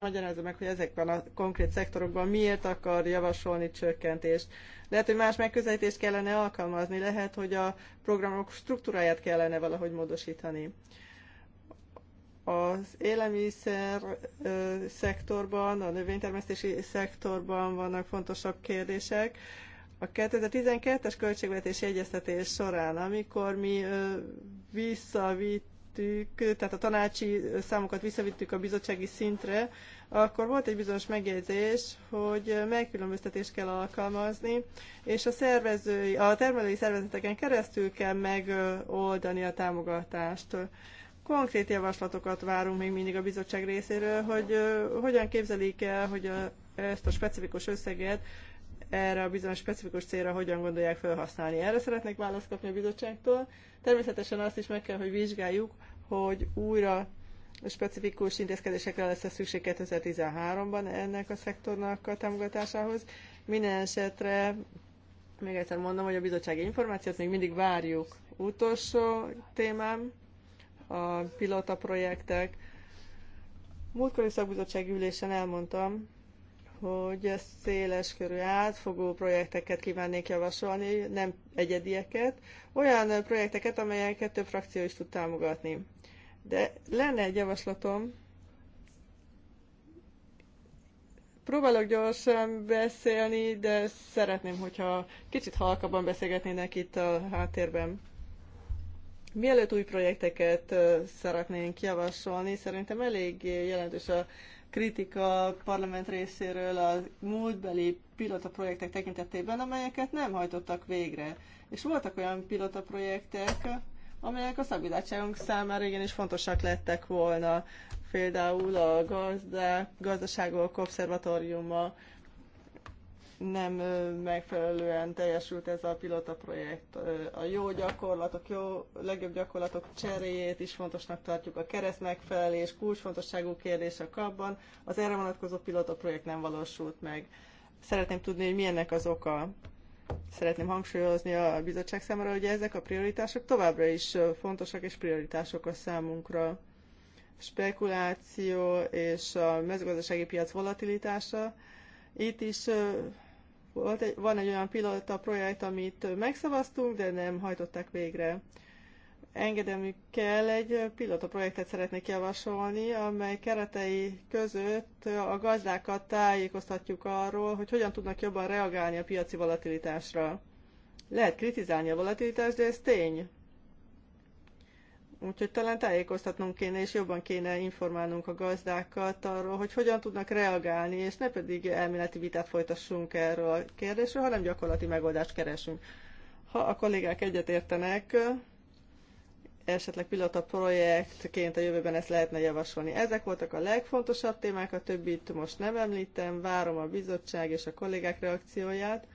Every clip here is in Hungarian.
magyarázza meg, hogy ezekben a konkrét szektorokban miért akar javasolni csökkentést. Lehet, hogy más megközelítést kellene alkalmazni, lehet, hogy a programok struktúráját kellene valahogy módosítani. Az élelmiszer ö, szektorban, a növénytermesztési szektorban vannak fontosabb kérdések. A 2012-es költségvetési egyeztetés során, amikor mi visszavitt visszavittük, tehát a tanácsi számokat visszavittük a bizottsági szintre, akkor volt egy bizonyos megjegyzés, hogy megkülönböztetést kell alkalmazni, és a, szervezői, a termelői szervezeteken keresztül kell megoldani a támogatást. Konkrét javaslatokat várunk még mindig a bizottság részéről, hogy hogyan képzelik el, hogy a, ezt a specifikus összeget erre a bizonyos specifikus célra hogyan gondolják felhasználni. Erre szeretnék választ kapni a bizottságtól. Természetesen azt is meg kell, hogy vizsgáljuk, hogy újra specifikus intézkedésekre lesz a szükség 2013-ban ennek a szektornak a támogatásához. Minden esetre, még egyszer mondom, hogy a bizottsági információt még mindig várjuk. Utolsó témám, a pilota projektek. Múltkori szakbizottsági ülésen elmondtam, hogy széles körű átfogó projekteket kívánnék javasolni, nem egyedieket, olyan projekteket, amelyeket több frakció is tud támogatni. De lenne egy javaslatom, próbálok gyorsan beszélni, de szeretném, hogyha kicsit halkabban beszélgetnének itt a háttérben. Mielőtt új projekteket szeretnénk javasolni, szerintem elég jelentős a kritika parlament részéről a múltbeli pilota projektek tekintetében, amelyeket nem hajtottak végre. És voltak olyan pilota projektek, amelyek a szakbizottságunk számára igenis fontosak lettek volna. Például a gazdák, gazdaságok obszervatóriuma, nem megfelelően teljesült ez a pilota projekt. A jó gyakorlatok, jó, legjobb gyakorlatok cseréjét is fontosnak tartjuk, a kereszt megfelelés, kulcsfontosságú kérdés a kapban. Az erre vonatkozó pilota projekt nem valósult meg. Szeretném tudni, hogy milyennek az oka. Szeretném hangsúlyozni a bizottság számára, hogy ezek a prioritások továbbra is fontosak és prioritások a számunkra. Spekuláció és a mezőgazdasági piac volatilitása, itt is volt egy, van egy olyan pilota projekt, amit megszavaztunk, de nem hajtották végre. kell egy pilota projektet szeretnék javasolni, amely keretei között a gazdákat tájékoztatjuk arról, hogy hogyan tudnak jobban reagálni a piaci volatilitásra. Lehet kritizálni a volatilitást, de ez tény Úgyhogy talán tájékoztatnunk kéne, és jobban kéne informálnunk a gazdákat arról, hogy hogyan tudnak reagálni, és ne pedig elméleti vitát folytassunk erről a kérdésről, hanem gyakorlati megoldást keresünk. Ha a kollégák egyetértenek, esetleg pilota projektként a jövőben ezt lehetne javasolni. Ezek voltak a legfontosabb témák, a többit most nem említem, várom a bizottság és a kollégák reakcióját,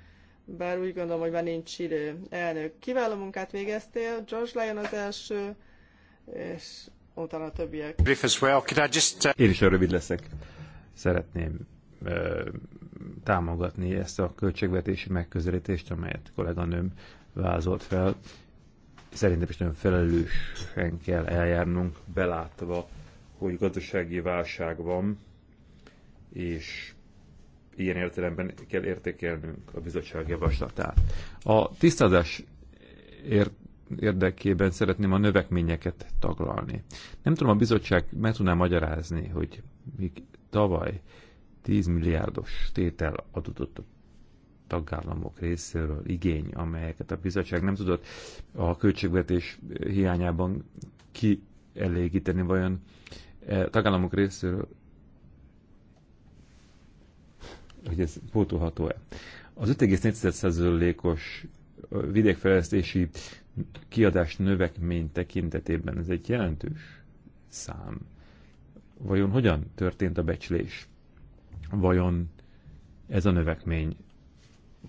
bár úgy gondolom, hogy már nincs idő. Elnök, kiváló munkát végeztél, George Lyon az első, és utána a többiek. Uh, Én is rövid leszek. Szeretném ö, támogatni ezt a költségvetési megközelítést, amelyet kolléganőm vázolt fel. Szerintem is nagyon felelősen kell eljárnunk, belátva, hogy gazdasági válság van, és ilyen értelemben kell értékelnünk a bizottság javaslatát. A tisztázás ért érdekében szeretném a növekményeket taglalni. Nem tudom, a bizottság meg tudná magyarázni, hogy míg tavaly 10 milliárdos tétel adott a tagállamok részéről igény, amelyeket a bizottság nem tudott a költségvetés hiányában kielégíteni, vajon e, tagállamok részéről, hogy ez pótolható-e. Az 5,4%-os vidékfejlesztési kiadás növekmény tekintetében ez egy jelentős szám. Vajon hogyan történt a becslés? Vajon ez a növekmény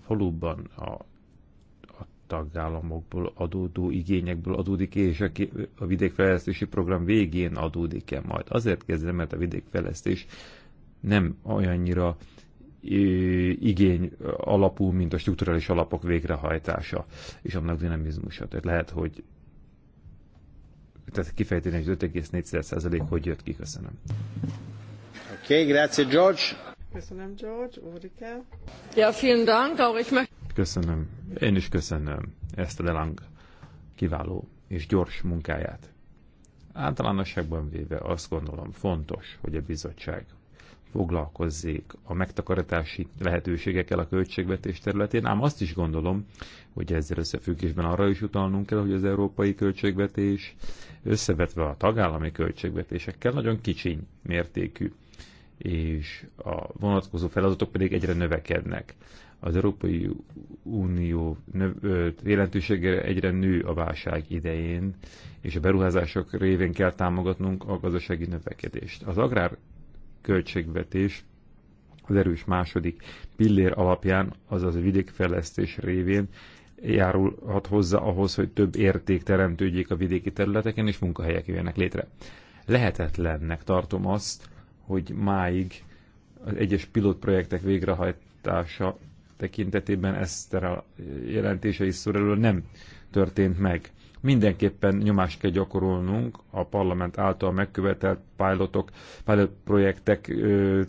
valóban a, a tagállamokból adódó igényekből adódik, és a, a vidékfejlesztési program végén adódik-e majd? Azért kezdem, mert a vidékfejlesztés nem olyannyira igény alapú, mint a strukturális alapok végrehajtása és annak dinamizmusa. Tehát lehet, hogy tehát kifejteni, hogy 5,4% hogy jött ki. Köszönöm. Oké, okay, grazie George. Köszönöm George, Ulrike. Ja, vielen Dank, auch ich möchte... Köszönöm. Én is köszönöm ezt a Delang kiváló és gyors munkáját. Általánosságban véve azt gondolom fontos, hogy a bizottság foglalkozzék a megtakarítási lehetőségekkel a költségvetés területén, ám azt is gondolom, hogy ezzel összefüggésben arra is utalnunk kell, hogy az európai költségvetés összevetve a tagállami költségvetésekkel nagyon kicsiny mértékű, és a vonatkozó feladatok pedig egyre növekednek. Az Európai Unió jelentősége egyre nő a válság idején, és a beruházások révén kell támogatnunk a gazdasági növekedést. Az agrár költségvetés az erős második pillér alapján, azaz a vidékfejlesztés révén járulhat hozzá ahhoz, hogy több érték teremtődjék a vidéki területeken, és munkahelyek jöjjenek létre. Lehetetlennek tartom azt, hogy máig az egyes pilotprojektek végrehajtása tekintetében ezt a jelentése is szoruló nem történt meg mindenképpen nyomást kell gyakorolnunk a parlament által megkövetelt pilotok, pilot projektek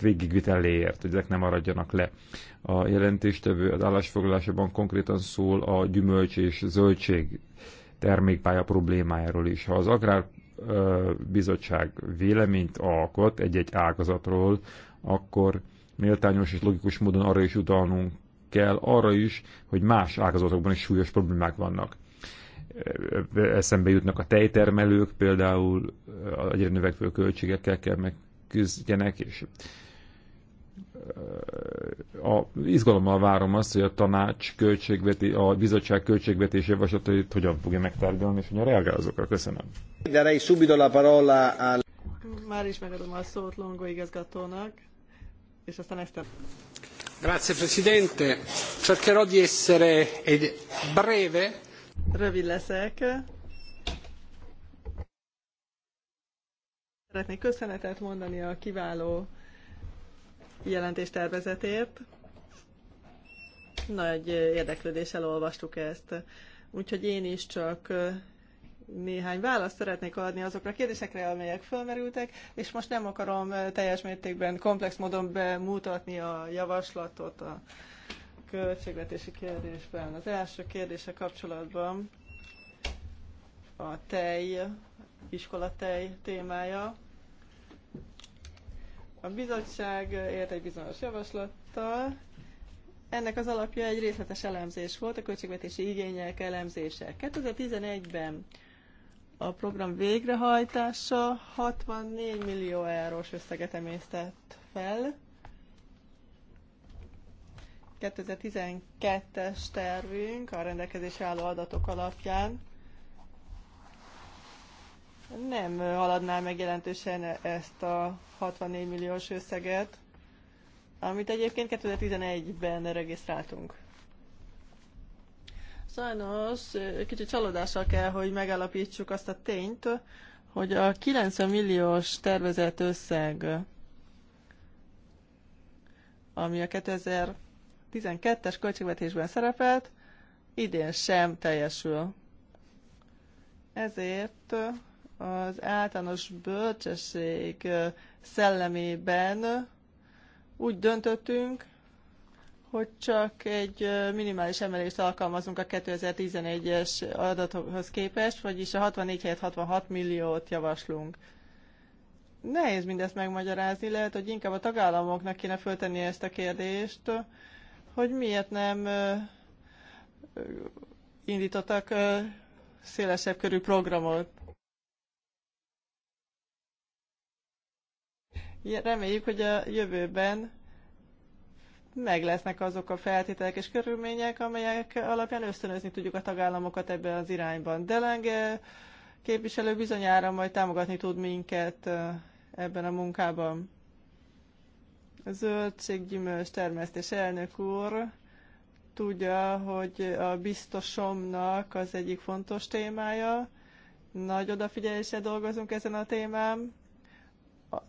végigviteléért, hogy ezek nem maradjanak le. A jelentéstevő az állásfoglalásában konkrétan szól a gyümölcs és zöldség termékpálya problémájáról is. Ha az agrár bizottság véleményt alkot egy-egy ágazatról, akkor méltányos és logikus módon arra is utalnunk kell, arra is, hogy más ágazatokban is súlyos problémák vannak eszembe jutnak a tejtermelők, például egyre növekvő költségekkel kell megküzdjenek, és a, izgalommal várom azt, hogy a tanács költségveti, a bizottság költségvetés javaslatait hogyan fogja megtárgyalni, és hogy a reagálzókra Köszönöm. Darei subito la parola al... Már is megadom a szót Longo igazgatónak, és aztán ezt Grazie Presidente. Cercherò di essere eh, breve Rövid leszek. Szeretnék köszönetet mondani a kiváló jelentéstervezetért. Nagy érdeklődéssel olvastuk ezt. Úgyhogy én is csak néhány választ szeretnék adni azokra a kérdésekre, amelyek felmerültek, és most nem akarom teljes mértékben komplex módon bemutatni a javaslatot, a költségvetési kérdésben. Az első kérdése kapcsolatban a tej, iskolatej témája. A bizottság ért egy bizonyos javaslattal. Ennek az alapja egy részletes elemzés volt, a költségvetési igények elemzése. 2011-ben a program végrehajtása 64 millió eurós összeget emésztett fel, 2012-es tervünk a rendelkezésre álló adatok alapján nem haladná meg jelentősen ezt a 64 milliós összeget, amit egyébként 2011-ben regisztráltunk. Sajnos kicsit csalódással kell, hogy megállapítsuk azt a tényt, hogy a 90 milliós tervezett összeg, ami a 2000 2012-es költségvetésben szerepelt, idén sem teljesül. Ezért az általános bölcsesség szellemében úgy döntöttünk, hogy csak egy minimális emelést alkalmazunk a 2011-es adatokhoz képest, vagyis a 64 helyett 66 milliót javaslunk. Nehéz mindezt megmagyarázni, lehet, hogy inkább a tagállamoknak kéne föltenni ezt a kérdést, hogy miért nem indítottak szélesebb körű programot. Reméljük, hogy a jövőben meg lesznek azok a feltételek és körülmények, amelyek alapján ösztönözni tudjuk a tagállamokat ebben az irányban. Delenge képviselő bizonyára majd támogatni tud minket ebben a munkában zöldséggyümölcs termesztés elnök úr tudja, hogy a biztosomnak az egyik fontos témája. Nagy odafigyeléssel dolgozunk ezen a témán.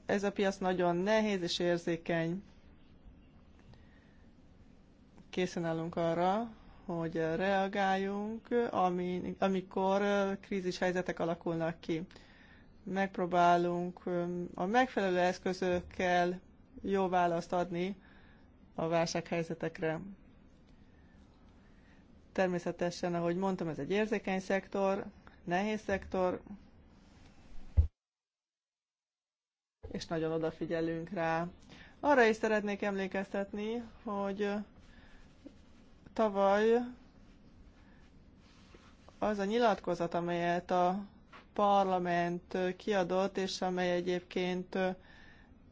Ez a piac nagyon nehéz és érzékeny. Készen állunk arra, hogy reagáljunk, amikor krízis helyzetek alakulnak ki. Megpróbálunk a megfelelő eszközökkel jó választ adni a válsághelyzetekre. Természetesen, ahogy mondtam, ez egy érzékeny szektor, nehéz szektor, és nagyon odafigyelünk rá. Arra is szeretnék emlékeztetni, hogy tavaly az a nyilatkozat, amelyet a parlament kiadott, és amely egyébként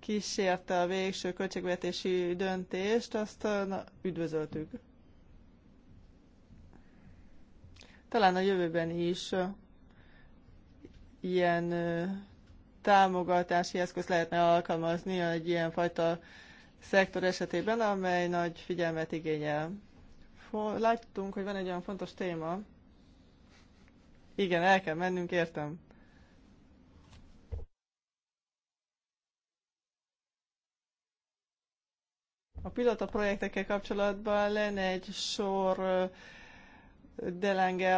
kísérte a végső költségvetési döntést, azt na, üdvözöltük. Talán a jövőben is ilyen támogatási eszköz lehetne alkalmazni egy ilyen fajta szektor esetében, amely nagy figyelmet igényel. Láttunk, hogy van egy olyan fontos téma. Igen, el kell mennünk, értem. A pilota projektekkel kapcsolatban lenne egy sor Delenge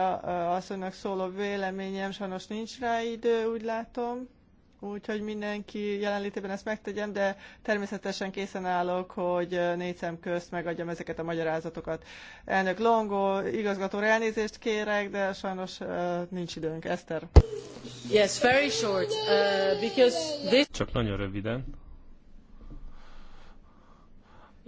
asszonynak szóló véleményem, sajnos nincs rá idő, úgy látom. Úgyhogy mindenki jelenlétében ezt megtegyem, de természetesen készen állok, hogy négy szem közt megadjam ezeket a magyarázatokat. Elnök Longo, igazgató elnézést kérek, de sajnos uh, nincs időnk. Eszter. Yes, very short, uh, because this... Csak nagyon röviden,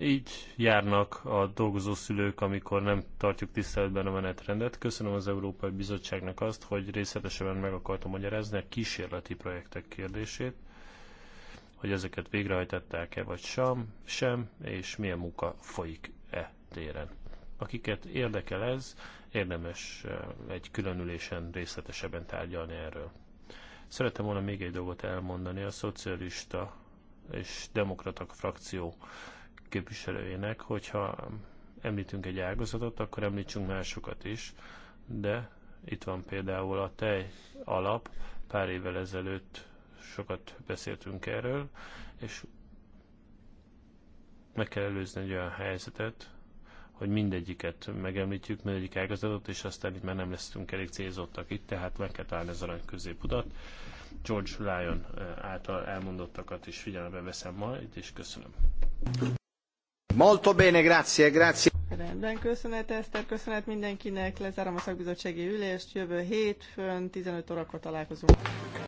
így járnak a dolgozó szülők, amikor nem tartjuk tiszteletben a menetrendet. Köszönöm az Európai Bizottságnak azt, hogy részletesen meg akartam magyarázni a kísérleti projektek kérdését, hogy ezeket végrehajtották-e vagy sem, sem, és milyen munka folyik-e téren. Akiket érdekel ez, érdemes eh, egy különülésen részletesebben tárgyalni erről. Szeretem volna még egy dolgot elmondani. A szocialista és demokratak frakció képviselőjének, hogyha említünk egy ágazatot, akkor említsünk másokat is, de itt van például a tej alap, pár évvel ezelőtt sokat beszéltünk erről, és meg kell előzni egy olyan helyzetet, hogy mindegyiket megemlítjük, mindegyik ágazatot, és aztán itt már nem leszünk elég célzottak itt, tehát meg kell találni az arany középudat. George Lyon eh, által elmondottakat is figyelembe veszem majd, és köszönöm. Molto bene, grazie, grazie. Rendben, köszönet Eszter, köszönet mindenkinek, lezárom a szakbizottsági ülést, jövő hétfőn 15 órakor találkozunk.